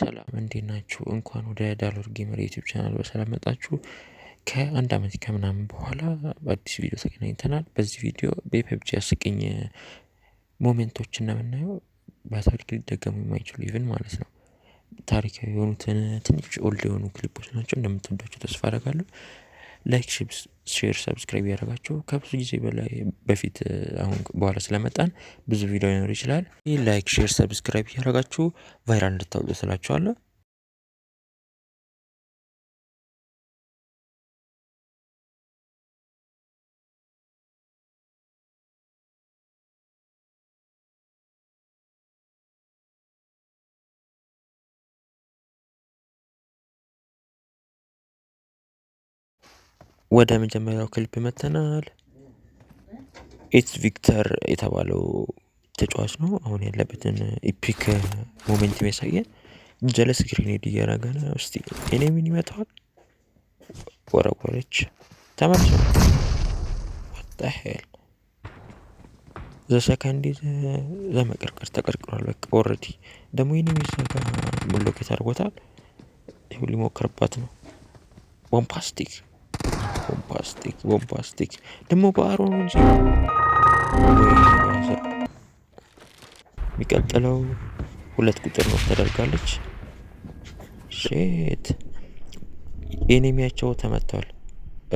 ሰላም እንዴት ናችሁ? እንኳን ወደ ዳሎር ጌመር ዩቲብ ቻናል በሰላም መጣችሁ። ከአንድ ዓመት ከምናምን በኋላ አዲስ ቪዲዮ ተገናኝተናል። በዚህ ቪዲዮ በፐብጂ አስቂኝ ሞሜንቶች እንደምናየው በታሪክ ሊደገሙ የማይችሉ ኢቨን ማለት ነው ታሪካዊ የሆኑትን ትንሽ ኦልድ የሆኑ ክሊፖች ናቸው። እንደምትወዳቸው ተስፋ አደርጋለሁ። ላይክ ሼር ሰብስክራይብ ያደረጋቸው ከብዙ ጊዜ በላይ በፊት አሁን በኋላ ስለመጣን ብዙ ቪዲዮ ሊኖር ይችላል። ይህ ላይክ ሼር ሰብስክራይብ ያደረጋችሁ ቫይራል እንድታወጡ ስላችኋለሁ። ወደ መጀመሪያው ክሊፕ መተናል። ኢትስ ቪክተር የተባለው ተጫዋች ነው አሁን ያለበትን ኢፒክ ሞሜንት የሚያሳየን። ጀለስ ግሪኔድ እያረገ ነው። እስቲ እኔ ምን ይመታዋል? ወረወረች፣ ተመልሶ ወጣል። ዘሰከንድ ዘመቀርቀር ተቀርቅሯል። በቃ ኦልሬዲ ደግሞ ይህን የሚሰጋ ሞሎኬት አድርጎታል። ሊሞክርባት ነው ቦምፓስቲክ ቦምባስቲክ ቦምባስቲክ ደግሞ በአሮ ነው እንጂ የሚቀጥለው ሁለት ቁጥር ነው ተደርጋለች። ሼት ኤኔሚያቸው ተመቷል።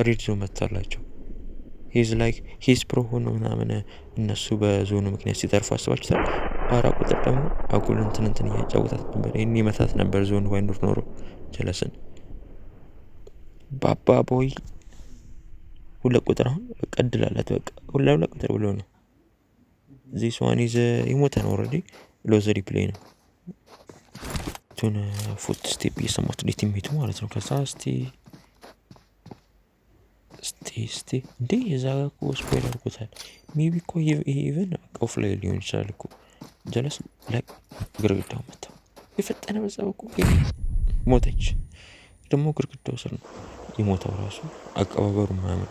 ሪድ ዞን መታላቸው። ሂዝ ላይክ ሂዝ ፕሮ ሆኖ ምናምን እነሱ በዞኑ ምክንያት ሲተርፉ አስባችሁታል። አራት ቁጥር ደግሞ አጉል እንትን እንትን እያጫወታት ነበር። ይህን ይመታት ነበር ዞኑ ባይኖር ኖሮ ጀለስን ባባ ቦይ ሁለት ቁጥር አሁን በቃ እድል አላት። በቃ ሁላ ሁለት ቁጥር ብሎ ነው ዚስ ዋን ይዘ የሞተ ነው ኦልሬዲ ሎዘሪ ፕሌይ ነው። ቱን ፉት ስቴፕ እየሰማት ቲሜቱ ማለት ነው። ከዛ ስቲ ስቲ ስቲ እንዴ የዛ ጋ እኮ ስፖይል አድርጎታል። ሜቢ ኮ ይሄ ኢቨን ኦፍ ላይ ሊሆን ይችላል እኮ ጀለስ ላይ ግርግዳው መታ የፈጠነ መጸብ ኮ ሞተች። ደግሞ ግርግዳው ስር ነው የሞተው ራሱ አቀባበሩ ምናምን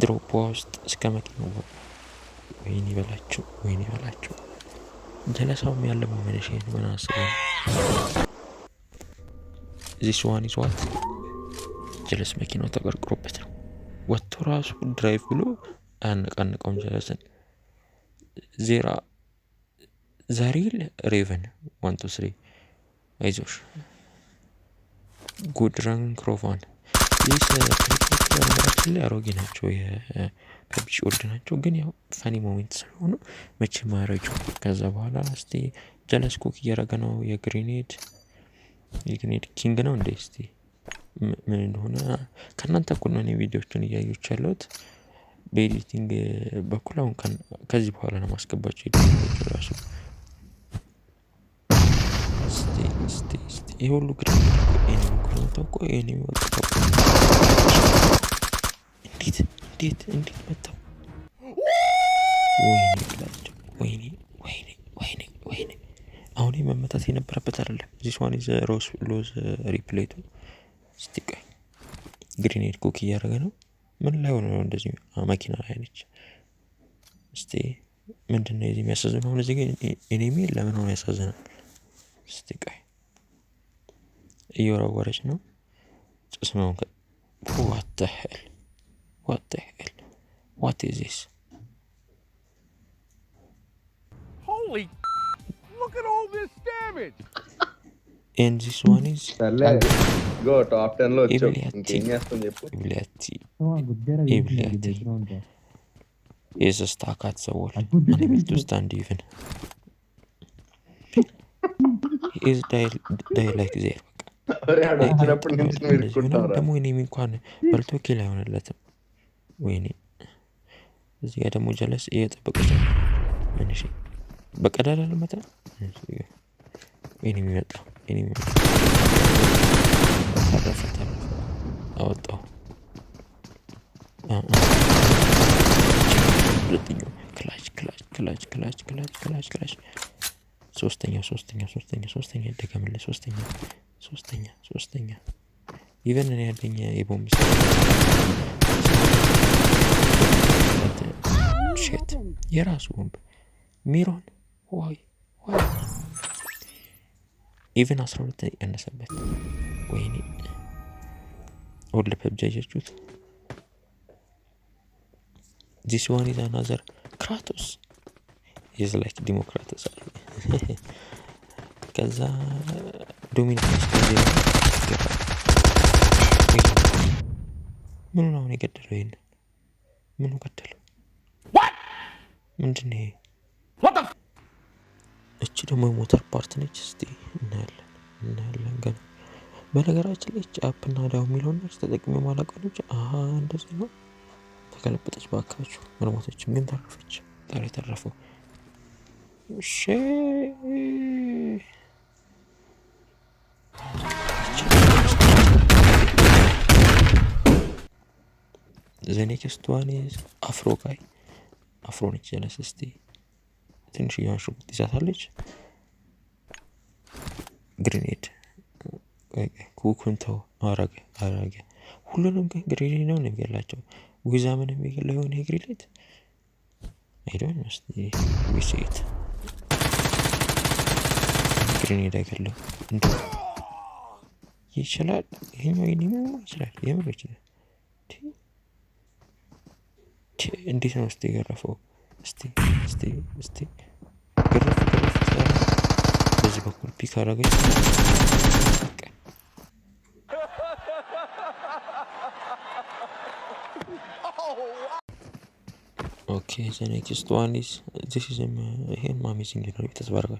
ድሮ ውስጥ እስከ መኪናው ወጣ። ወይኔ በላቸው፣ ወይኔ በላቸው። ጀለሳውም ያለ መመለሻዬን ምን አስበ እዚህ ስዋን ይዟት ጀለስ መኪናው ተቀርቅሮበት ነው ወጥቶ ራሱ ድራይቭ ብሎ አያነቃንቀውም ጀለስን። ዜራ ዛሬል ሬቨን ዋንቱ ስሪ አይዞሽ ጉድረን ክሮቫን ይህ በነገራችን ላይ አሮጌ ናቸው የፐብጂ ኦልድ ናቸው፣ ግን ያው ፈኒ ሞሜንት ስለሆኑ መቼ ማረጁ። ከዛ በኋላ እስቲ ጀለስ ኩክ እያረገ ነው። የግሪኔድ የግሬኔድ ኪንግ ነው እንደ እስቲ ምን እንደሆነ ከእናንተ እኩል ነው እኔ ቪዲዮችን እያዩች ያለሁት በኤዲቲንግ በኩል አሁን ከዚህ በኋላ ነው ማስገባቸው ኤዲቲንግ ራሱ ይህ ሁሉ ግድ ነው። እንዴት እንዴት እንዴት መጣው? ወይኔ ብላቸው። ወይኔ ወይኔ ወይኔ ወይኔ። አሁን መመታት የነበረበት አይደለም። ዚስ ዋን ኢዝ ሮስ ሎዝ ሪፕሌቱ ስቲቀ ግሪኔድ ኩክ እያደረገ ነው። ምን ላይ ሆነ ነው እንደዚህ? መኪና ላይ ነች። እስቲ ምንድን ነው የዚህ የሚያሳዝን? አሁን እዚህ ግን ኤኔሚ ለምን ሆነ ያሳዝናል? እስቲ ቆይ እየወረወረች ነው ጭስ ነው። ዋት Holy look at all this damage! And this one is. Go to Optin Lodge. Ivliati. Ivliati. Ivliati. He's a stuck at oh, the wall. Unable to stand even. He's dead like this. ወሬ አዳ አረፈን እንትን ነው ደግሞ እኔም እንኳን በልቶ ኪል አይሆንለትም ወይኔ እዚህ ጋር ደግሞ ጀለስ እየጠበቀች ነው። እሺ በቀዳዳ ልመታ ኤኒሚ መጣ። ኤኒሚ ተረፈ ተረፈ። አወጣው ሁለተኛው ክላች ክላች ክላች ክላች ክላች ክላች ክላች ሶስተኛ ሶስተኛ ሶስተኛ ሶስተኛ ደገምልህ ሶስተኛ ሶስተኛ ሶስተኛ ኢቨን እኔ ያለኝ የቦምብ የራሱ ወንብ ሚሮን ዋይ ዋይ ኢቨን አስራ ያነሰበት ወይኔ ወለ ፐብጂ አያችሁት። ዚስ ዋን ኢዝ አናዘር ክራቶስ ኢዝ ላይክ ዲሞክራቶስ ከዛ ዶሚኒካስ ምኑን አሁን የገደለው ይሄንን ምኑ ገደለው? ምንድን ይሄ? እቺ ደግሞ የሞተር ፓርት ነች። እስቲ እናያለን እናያለን ገና። በነገራችን ላይ እች አፕና ዳው የሚለውን ነች ተጠቅሜ ማላውቀው ልጅ እንደዚህ ነው። ተገለበጠች በአካባቢ መርሞቶችም ግን ተረፈች። ጣሪ ተረፈው ዘኔ ከስትዋኔ አፍሮ ጋይ አፍሮነች ነች ጀለስ። እስቲ ትንሽ ሽንኩርት ትይዛታለች። ግሪኔድ ኩኩንቶ አረገ አረገ ሁሉንም ግን ግሪኔድ ነው ነው ጉዛ ጉዛምን የሚገላ የሆነ ግሪኔድ አይደን ስ ዊሴት ግሪኔድ አይገለው እንዲ ይችላል። ይሄኛው ይኒሞ ይችላል። የምር ይችላል። እንዴት ነው እስቲ የገረፈው? እስቲ እስቲ እስቲ ገረፍ ገረፍ በዚህ በኩል ፒክ አረገች። ኦኬ ዘ ኔክስት ዋን ኢዝ ዚስ ኢዝ ይሄን አሜዚንግ ነው የተስባርጋ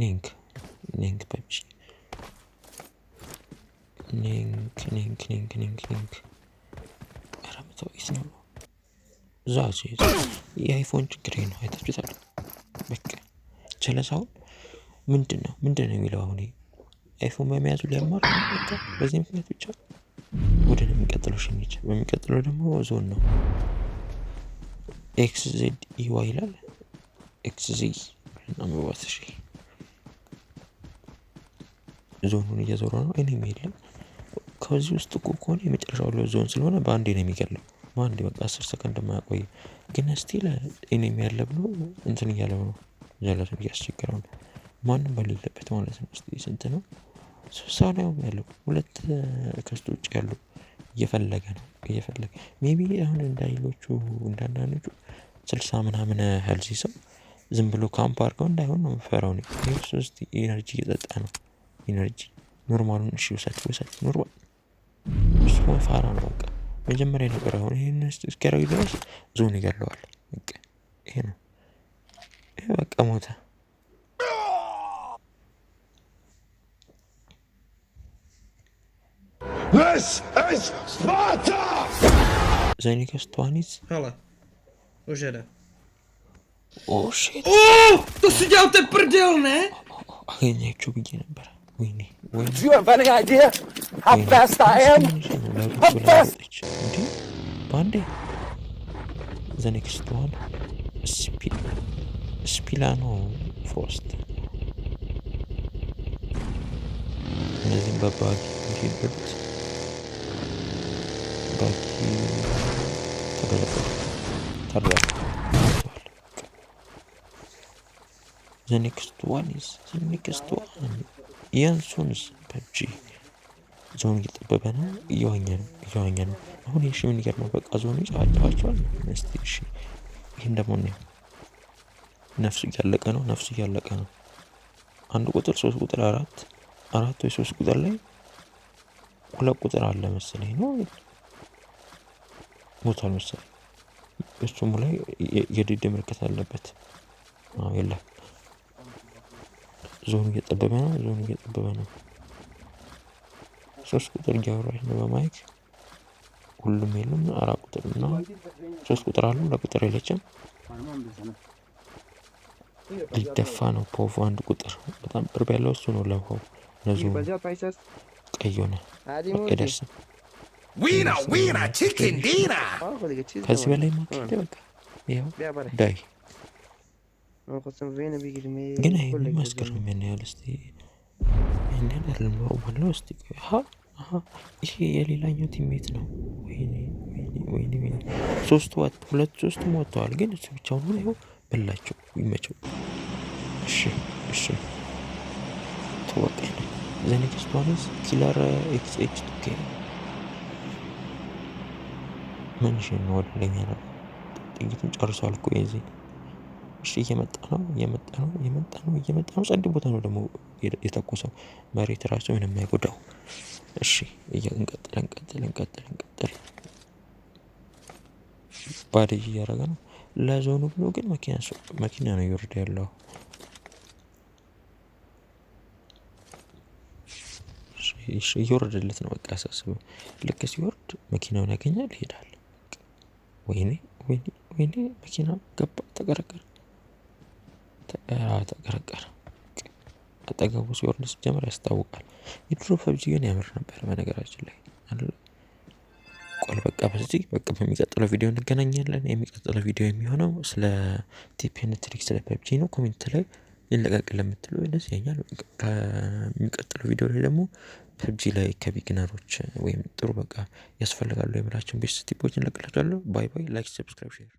ኒንክ ኒንክ ፐብጂ ኒንክ ኒንክ ኒንክ ኒንክ ኒንክ ኧረ ተው የት ነው እዛ የአይፎን ችግሬ ነው። አይታችሁታል። በቃ ቸለሳው ምንድን ነው ምንድን ነው የሚለው አሁን አይፎን በመያዙ ሊያማር በዚህ ምክንያት ብቻ ወደ የሚቀጥለው ሸሚች በሚቀጥለው ደግሞ ዞን ነው ኤክስ ዜድ ይዋ ይላል ኤክስ ዚ ናመባት ሺ ዞኑን እየዞረ ነው። እኔም የለም ከዚህ ውስጥ እኮ ከሆነ የመጨረሻው ዞን ስለሆነ በአንዴ ነው የሚገለው። በአንዴ በቃ አስር ሰከንድ የማያቆይ ግን ስቲል እኔም ያለብነው እንትን እያለው ነው ጀለሱን እያስቸገረው ነው ማንም በሌለበት ማለት ነው። ስ ስንት ነው? ሶስት ሰው ያለው ሁለት ከሱ ውጭ ያሉ እየፈለገ ነው እየፈለገ ሜቢ አሁን እንዳይሎቹ ሌሎቹ ስልሳ ምናምን ሄልዚ ሲሰው ዝም ብሎ ካምፕ አድርገው እንዳይሆን ነው የምፈራው እኔ። ይኸውስ ኢነርጂ እየጠጣ ነው ኢነርጂ ኖርማሉን እሺ ውሰድ ውሰድ ኖርማል እሱ ፋራ ነው መጀመሪያ የነበረ አሁን ይሄን እስኪያደርግ ድረስ ዞን ይገለዋል። ይሄ ነው ይሄ በቃ ሞተ። ዘኒከስ ተዋኒት Hele, už jede. ኦ ሼት እሱ ጃው ተፕርደው ነ አገኛችሁ ብዬ ነበረ። We need. Do you have any idea how fast I am? How fast? Bundy. The next one. Sp- Spilano first. እነዚህም በባጊ እንዲበሉት ባጊ ተገለበጡ ተረፉ ተዋል። The next one is the next one. የእሱንስ በእጅ ዞን እየጠበበ ነው። እየዋኘ ነው እየዋኘ ነው። አሁን የሺ ምን ይገርማል። በቃ ዞኑ ይጨዋጨዋቸዋል። እስቲ እሺ፣ ይህን ደግሞ እናየው። ነፍሱ እያለቀ ነው። ነፍሱ እያለቀ ነው። አንድ ቁጥር፣ ሶስት ቁጥር፣ አራት አራት ወይ ሶስት ቁጥር ላይ ሁለት ቁጥር አለ መሰለኝ ነው ሞቷል መሰለኝ። እሱም ላይ የድድ ምልክት አለበት የለም ዞኑ እየጠበበ ነው። ዞኑ እየጠበበ ነው። ሶስት ቁጥር እያወራች ነው በማይክ ሁሉም የሉም። አራት ቁጥር እና ሶስት ቁጥር አሉ። ለቁጥር የለችም። ሊደፋ ነው ፖፎ አንድ ቁጥር በጣም ቅርብ ያለው እሱ ነው። ለውኸው ነዙ ቀይ ሆነ ደርስም ዊና ዊና ቺክን ዲና ከዚህ በላይ ማክደ በቃ ዳይ ግን የሚያስገርም የምናያል ስ ይህንን ልንዋዋለው ስ ይሄ የሌላኛው ቲሜት ነው። ሶስቱ ሁለት ሶስቱም ወጥተዋል። ግን እሱ ብቻውን ሆነ። ይኸው በላቸው፣ ይመቸው። እሺ እሺ ተወቀነ ዘኔክስት ዋንስ ኪለር ኤክስ ኤች ቱኬ መንሽን ወደ ለኛ ነው። ጥይቱን ጨርሷል እኮ የዚህ እሺ እየመጣ ነው እየመጣ ነው እየመጣ ነው እየመጣ ነው ጸድ ቦታ ነው ደግሞ የተኮሰው መሬት ራሱ ምንም የማይጎዳው። እሺ እንቀጥል እንቀጥል እንቀጥል እንቀጥል ባድዬ እያደረገ ነው ለዞኑ ብሎ ግን መኪና ነው እየወረደ ያለው። እየወረደለት ነው በቃ አሳስበው ልክ ሲወርድ መኪናውን ያገኛል ይሄዳል። ወይኔ ወይኔ ወይኔ መኪና ገባ ተቀረቀረ። ተቀረቀረ። አጠገቡ ሲወርድ ሲጀምር ያስታውቃል። የድሮ ፐብጂ ግን ያምር ነበር። በነገራችን ላይ ቆል በቃ በዚህ በቃ በሚቀጥለው ቪዲዮ እንገናኛለን። የሚቀጥለው ቪዲዮ የሚሆነው ስለ ቲፔን ትሪክ ስለ ፐብጂ ነው። ኮሜንት ላይ ይለቀቅ ለምትሉ ደስ ይለኛል። ከሚቀጥለው ቪዲዮ ላይ ደግሞ ፐብጂ ላይ ከቢግነሮች ወይም ጥሩ በቃ ያስፈልጋሉ የምላቸውን ቤስት ቲፖች እለቅላችኋለሁ። ባይ ባይ። ላይክ፣ ሰብስክራይብ፣ ሼር